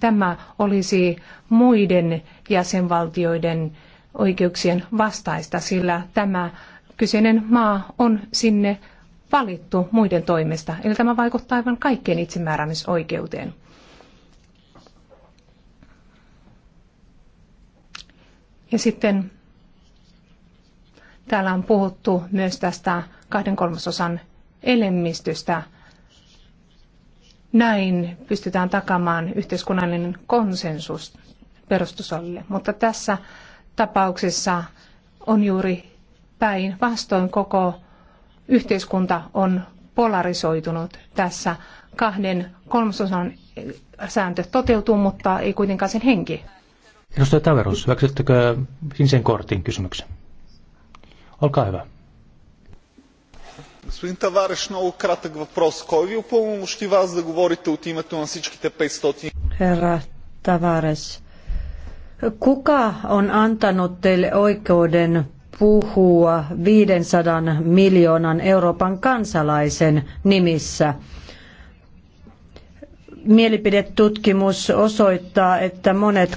tämä olisi muiden jäsenvaltioiden oikeuksien vastaista, sillä tämä kyseinen maa on sinne valittu muiden toimesta. Eli tämä vaikuttaa aivan kaikkien itsemääräämisoikeuteen. Ja sitten täällä on puhuttu myös tästä kahden kolmasosan enemmistöstä näin pystytään takamaan yhteiskunnallinen konsensus perustusolle, Mutta tässä tapauksessa on juuri päin vastoin koko yhteiskunta on polarisoitunut tässä kahden kolmasosan sääntö toteutuu, mutta ei kuitenkaan sen henki. Edustaja Taverus, hyväksyttekö sinisen kortin kysymyksen? Olkaa hyvä. Господин Тавареш, много кратък въпрос. Кой ви упълномощи вас да говорите от името на всичките 500? Herra Tavares, kuka on antanut теле ойкоден puhua 500 miljoonan Euroopan kansalaisen nimissä? Mielipidetutkimus osoittaa, että monet kansalaiset